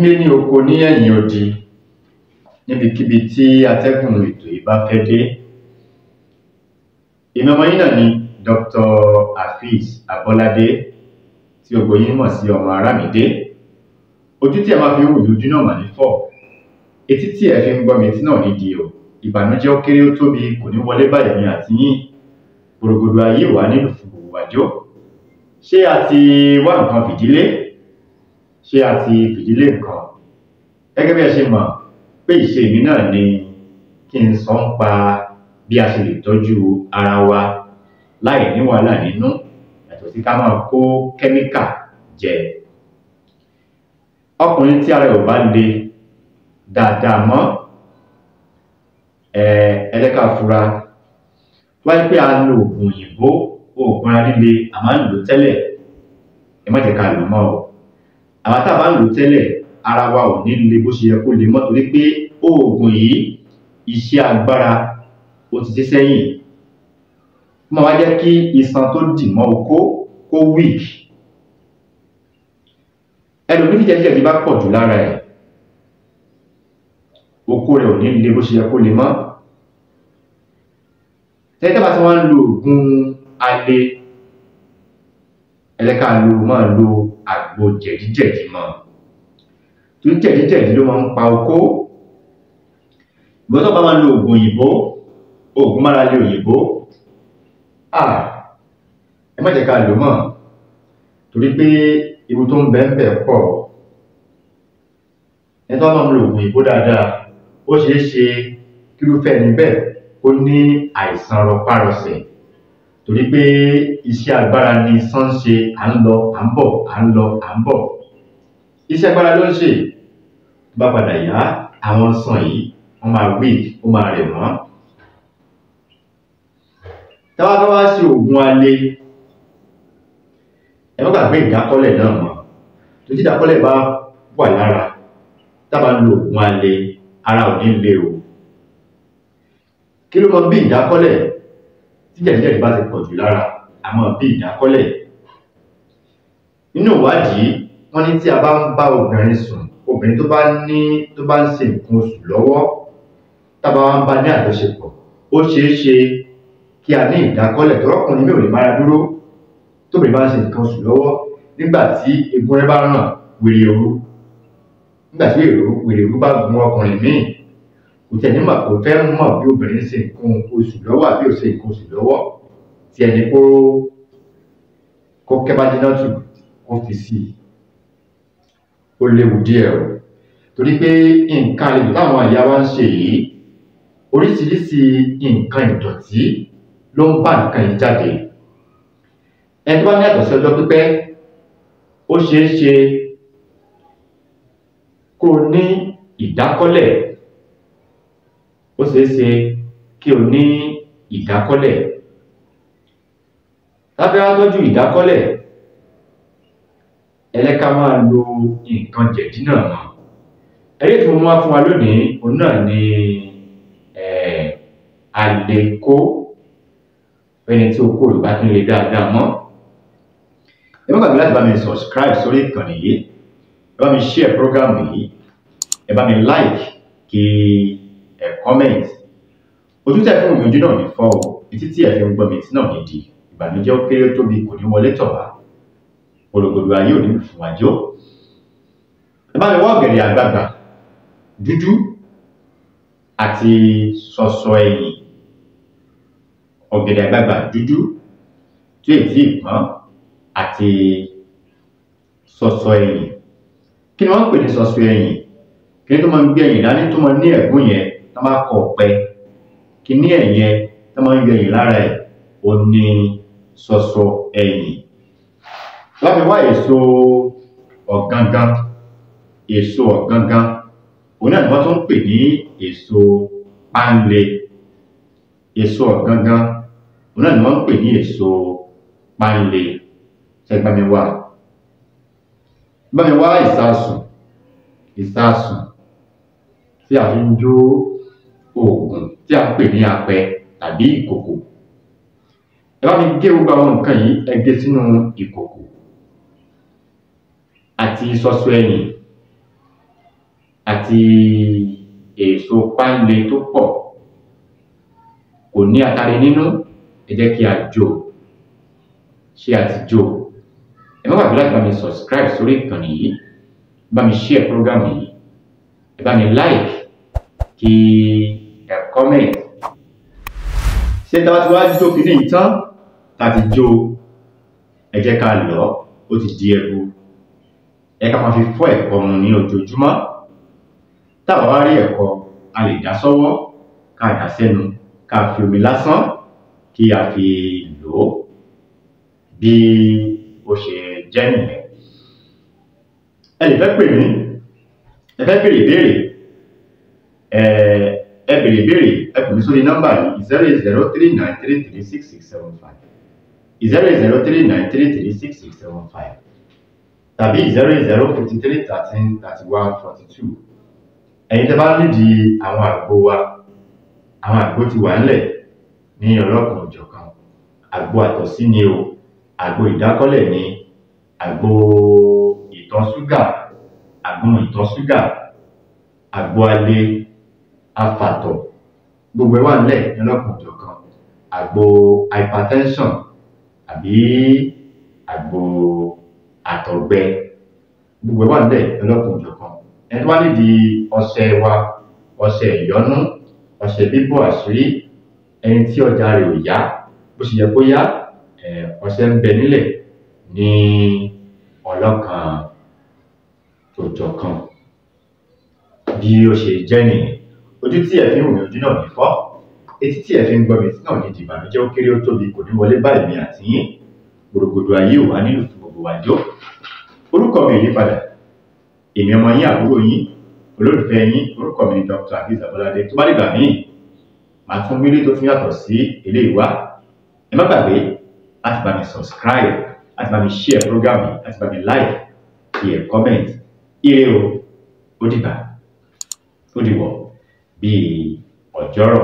nílé ní oko ní ẹ̀yìn odi níbikíbi tí atẹ́gùn ètò yìí bá fẹ́ dé èmi yín náà ni Dr. Afeez Abọ́ládé tí ògbó yín mọ̀ sí ọmọ Arámidé ojú tí ẹ máa fi ń wò lójú náà mà ní fọ́ etí tí ẹ fi ń gbọ́ mi tí náà ní di o ìbànújẹ́ ó kéré ó tóbi kò ní wọlé báyìí mi àti yín ayé wà nílùú fún gbogbo àjọ ṣé a ti wá nǹkan fìdílé ṣé àti fìdílé nǹkan gẹ́gẹ́ bí ẹ ni kí n sọ ń pa bí a ṣe lè tọ́jú ara wa láì ní wàhálà nínú yàtọ̀ sí ká máa kó kẹ́míkà jẹ ọkùnrin tí ara ò bá le dáadáa mọ́ ẹlẹ́ka fura wáyé pé a lo àwa tá a bá ń lò tẹ́lẹ̀ ara wa ò ní le bó ṣe yẹ kó le mọ́ torí pé oògùn yìí iṣẹ́ agbára ó ti ṣe sẹ́yìn ó máa wá jẹ́ kí iṣan tó dì mọ́ okó kó weak ẹlòmíì jẹjẹrẹ bá pọ̀ jù lára ẹ̀ okó rẹ̀ ò ní le bó ṣe yẹ kó le mọ́ tẹ́tẹ́ bá ti wá ń lo oògùn alẹ́ ẹ̀lẹ́ka lo máa lo àgbo jẹ̀díjẹ̀dí mọ́ torí jẹ̀díjẹ̀dí ló máa ń pa okó ìwọ́n tó bá máa lo oògùn òyìnbó oògùn mára lé òyìnbó ah ẹ má jẹ́ ká lò mọ́ torí pé ibi tó ń bẹ́ẹ̀ pọ̀ ẹ tó bá máa lo oògùn òyìnbó dáadáa ó ṣeé ṣe kírúfẹ́ ẹni bẹ́ẹ̀ kó ní àìsàn rọpárọsẹ̀ torí pé iṣẹ́ agbára ni sàn ṣe à ń lọ à ń bọ̀ à ń lọ à ń bọ̀ iṣẹ́ agbára ló ń ṣe bá padà yá àwọn sàn yìí wọ́n máa wí ó máa rẹ̀ wọ́n táwa bá wá ṣe oògùn alẹ́ ẹ má gbàgbé ìdákọ́lẹ̀ náà mọ́ tó ti ìdákọ́lẹ̀ bá wà lára tábà lo oògùn alẹ́ ara ò ní le o kí ló mọ bí ìdákọ́lẹ̀ jẹ̀díjẹ̀ ìbá ti pọ̀jù lára àmọ́ bí ìdákọ́lẹ̀ nínú ìwádìí wọ́n ní tí a bá ń bá obìnrin sùn obìnrin tó bá ní tó bá ń ṣe nǹkan oṣù lọ́wọ́ tábà wá ń bá ní àjọṣepọ̀ ó ṣeé ṣe kí a ní ìdákọ́lẹ̀ tọ́rọ́kùnrin mi ò lè mára dúró tóbi bá ń ṣe nǹkan oṣù lọ́wọ́ nígbà tí egun rẹ bá ràn wèrè òru nígbà tí wèrè òru bá gun ọkùnrin míì kò tẹ̀ ní mọ̀ kò fẹ́ mọ̀ bí obìnrin ṣe nǹkan oṣù lọ́wọ́ àbí ò ṣe nǹkan oṣù lọ́wọ́ tí ẹni kó kó kẹ́bájínátù kó fi sí i ó léwu díẹ̀ o torí pé nǹkan àlejò táwọn àyà wa ń ṣe yìí oríṣiríṣi nǹkan ìdọ̀tí ló ń bá nǹkan yìí jáde ẹni bá ní àtọ̀sí ọjọ́ pípẹ́ ó ṣeé ṣe kó o ní ìdákọ́lẹ̀ ó ṣeé ṣe kí o ní ìdákọ́lẹ̀ lábẹ́ wá tọ́jú ìdákọ́lẹ̀ ẹlẹ́ka máa lo nǹkan jẹ̀dí náà mọ́ ẹ̀rí tí mo mú wá fún wa lónìí òun náà ni àlékó eh, ẹni tí o kó yorùbá tún lè dáadáa mọ́ ẹ má gbàgbé láti bá mi subscribe sórí ìkànnì yìí ẹ bá mi share program yìí ẹ bá mi like kí. Ki ẹ comment ojú tẹ fún ìgbìyànjú náà ní fọ́ o etí tí ẹ fi ń gbọ́ mi di ìbànújẹ́ ó kéré tóbi kò ní wọlé tọ̀ wá gbòdògbòdò ayé ò ní fún àjọ ẹ bá mi wá ọ̀gẹ̀dẹ̀ àgbààgbà dúdú àti sọ̀sọ̀ ẹ̀yìn ọ̀gẹ̀dẹ̀ àgbààgbà dúdú tí èyí tí ìpọ́n àti sọ̀sọ̀ ẹ̀yìn kí ni wọ́n ń pè ní sọ̀sọ̀ ẹ̀yìn kí ni tó máa ń gbé ẹ̀yìn dání tó máa ń ní ẹ̀gún yẹn tó bá kọ ọ̀pẹ kíní ẹ̀yẹ tó máa ń yọ ẹ̀yìn lára ẹ̀ ó ní sọsọ ẹ̀yìn láti wá èso ọ̀gángán èso ọ̀gángán òun náà ni wọ́n ni wọ́n ń pè ní èso pánlé oògùn tí a ń pè ní apẹ tàbí ìkòkò ẹ bá mi gé gbogbo àwọn nǹkan yìí ẹ gé sínú ìkòkò àti sọsọ ẹyìn àti èso páńle tó pọ̀ kò ní atare nínú ẹ jẹ́ kí a jò ṣé a ti jò ẹ má gbàgbé láti bá mi subscribe sórí ìkànnì yìí bá mi share program yìí ẹ bá mi like kí ẹ̀kọ́ mẹ́yìn ṣé tá a ti wá jó kìíní ìtàn láti jó ẹ jẹ́ ká lọ ó ti di ẹbu ẹ ká máa fi fọ́ ẹ̀kọ́ mu ní ojoojúmọ́ táwa wá rí ẹ̀kọ́ a lè dá sọ́wọ́ ká dà sẹ́nu ká fi omi lásán kí a fi lò ó bí ó ṣe jẹ́ nìyẹn ẹ lè fẹ́ pè mí ẹ fẹ́ béèrè ìbéèrè ẹ béèrè ìbéèrè ẹ pè mí sórí nọ́mbà yìí zero zero three nine three three six six seven five zero eight zero three nine three three six six seven five tàbí zero eight zero fifty three thirteen thirty one forty two ẹ̀yin tẹ́ bá nídìí àwọn àgbo wa àwọn àgbo ti wà ńlẹ̀ ní ọlọ́kan òjọ̀kan àgbo àtọ̀sí ni o àgbo ìdákọ́lẹ̀ ni àgbo ìtọ̀ ṣúgà àgbo ìtọ̀ ṣúgà àgbo alẹ́ afàtọ̀ gbogbo ẹ̀ wà nílẹ̀ lọ́lọ́kùnjọ kan àgbo hypertension àbí àgbo àtọ̀gbẹ gbogbo ẹ̀ wà nílẹ̀ lọ́lọ́kùnjọ kan ẹni wá nídìí ọṣẹ wa ọṣẹ ìyọnú ọṣẹ bíbò àṣírí ẹni tí ọjà rẹ̀ ò yá bó ṣe yẹ kó yá ọṣẹ ń bẹ nílẹ̀ ní ọlọ́kan òjọ̀ kan bí ó ṣe jẹ́ nìyẹn ojú tí ẹ fi ń wò mí ojú náà ní fọ́ etí tí ẹ fi ń gbọ́ mi sí náà ní ìbànújẹ́ ó kéré ó tóbi kò ní wọlé báyìí mi àti yín gbòrògbòdò ayé ò wá nílùú gbogbo wa jó orúkọ mi yí padà èmi ọmọ yín àbúrò yín olólùfẹ́ yín orúkọ mi ni Dr. Azeez Abolade tó bá dìgbà míì màá tún gbélé tó tún yàtọ̀ sí eléyìí wá ẹ má gbàgbé láti bá mi subscribe láti bá mi share program yìí láti bá mi like yẹ comment ire o ó dìgbà ó dìwọ̀. or ọjọ́rọ̀